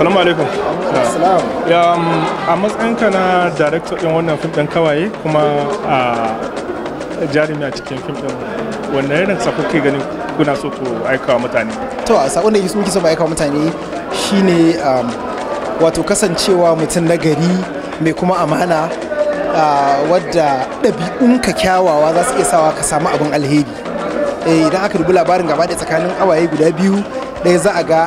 salamu alaikum um, a matsayinka na director din wannan fim din kawaye kuma a jarumi a cikin fim din wannan yanar sako ke ganin kuna so ku aikawa mutane to a sakon da yake muke so ba aikawa mutane shine um, wato kasancewa mutum na gari mai kuma amana wadda ɗabi'unka kyawawa za su iya sawa ka samu abin alheri eh, idan aka dubi labarin gaba da tsakanin awaye guda biyu ɗaya za a ga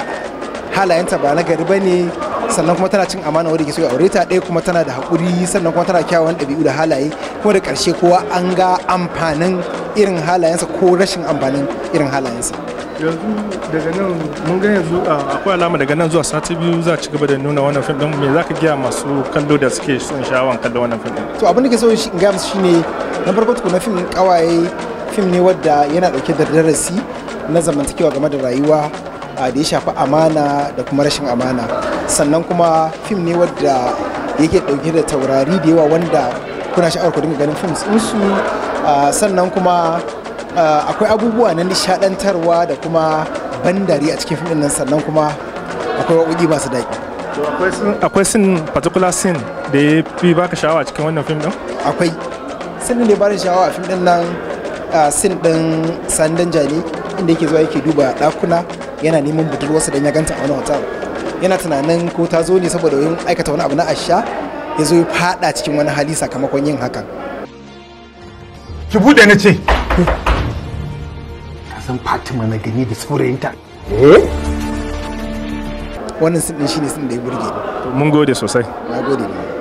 halayenta ba na gari ba ne sannan kuma tana cin amana wadda ke so ya aure ta ɗaya kuma tana da haƙuri sannan kuma tana kyawun ɗabi'u da halaye kuma da ƙarshe kowa an ga amfanin irin halayensa ko rashin amfanin irin halayensa yanzu daga nan mun ga yanzu ah, akwai alama daga nan zuwa sati biyu za a ci gaba da nuna wannan fim din me za ka gaya masu kallo da suke son sha'awan kallo wannan fim din to abin da ke so in ga musu shine na farko tukuna fim kawaye fim ne wadda yana dauke da darasi na zamantakewa game da rayuwa da ya shafi amana da kuma rashin amana sannan kuma fim ne wadda yake dauke da taurari da yawa wanda kuna sha'awar ku dinga ganin fim su sannan kuma akwai abubuwa na nishadantarwa da kuma ban dare a cikin fim nan sannan kuma akwai waƙoƙi masu daki akwai sin particular sin da ya fi baka sha'awa a cikin wannan fim din akwai sin da ya bada sha'awa a fim din nan sin din sandan jani inda yake zuwa yake duba ɗakuna yana neman budurwarsa don ya ganta a wani hotel yana tunanin ko ta zo ne saboda yin aikata wani abu na asha ya zo ya fada cikin wani hali sakamakon yin hakan ki bude na ce eh. ka san fatima na gani da saurayinta eh wannan sun din shine sun da ya burge mun gode sosai na gode ne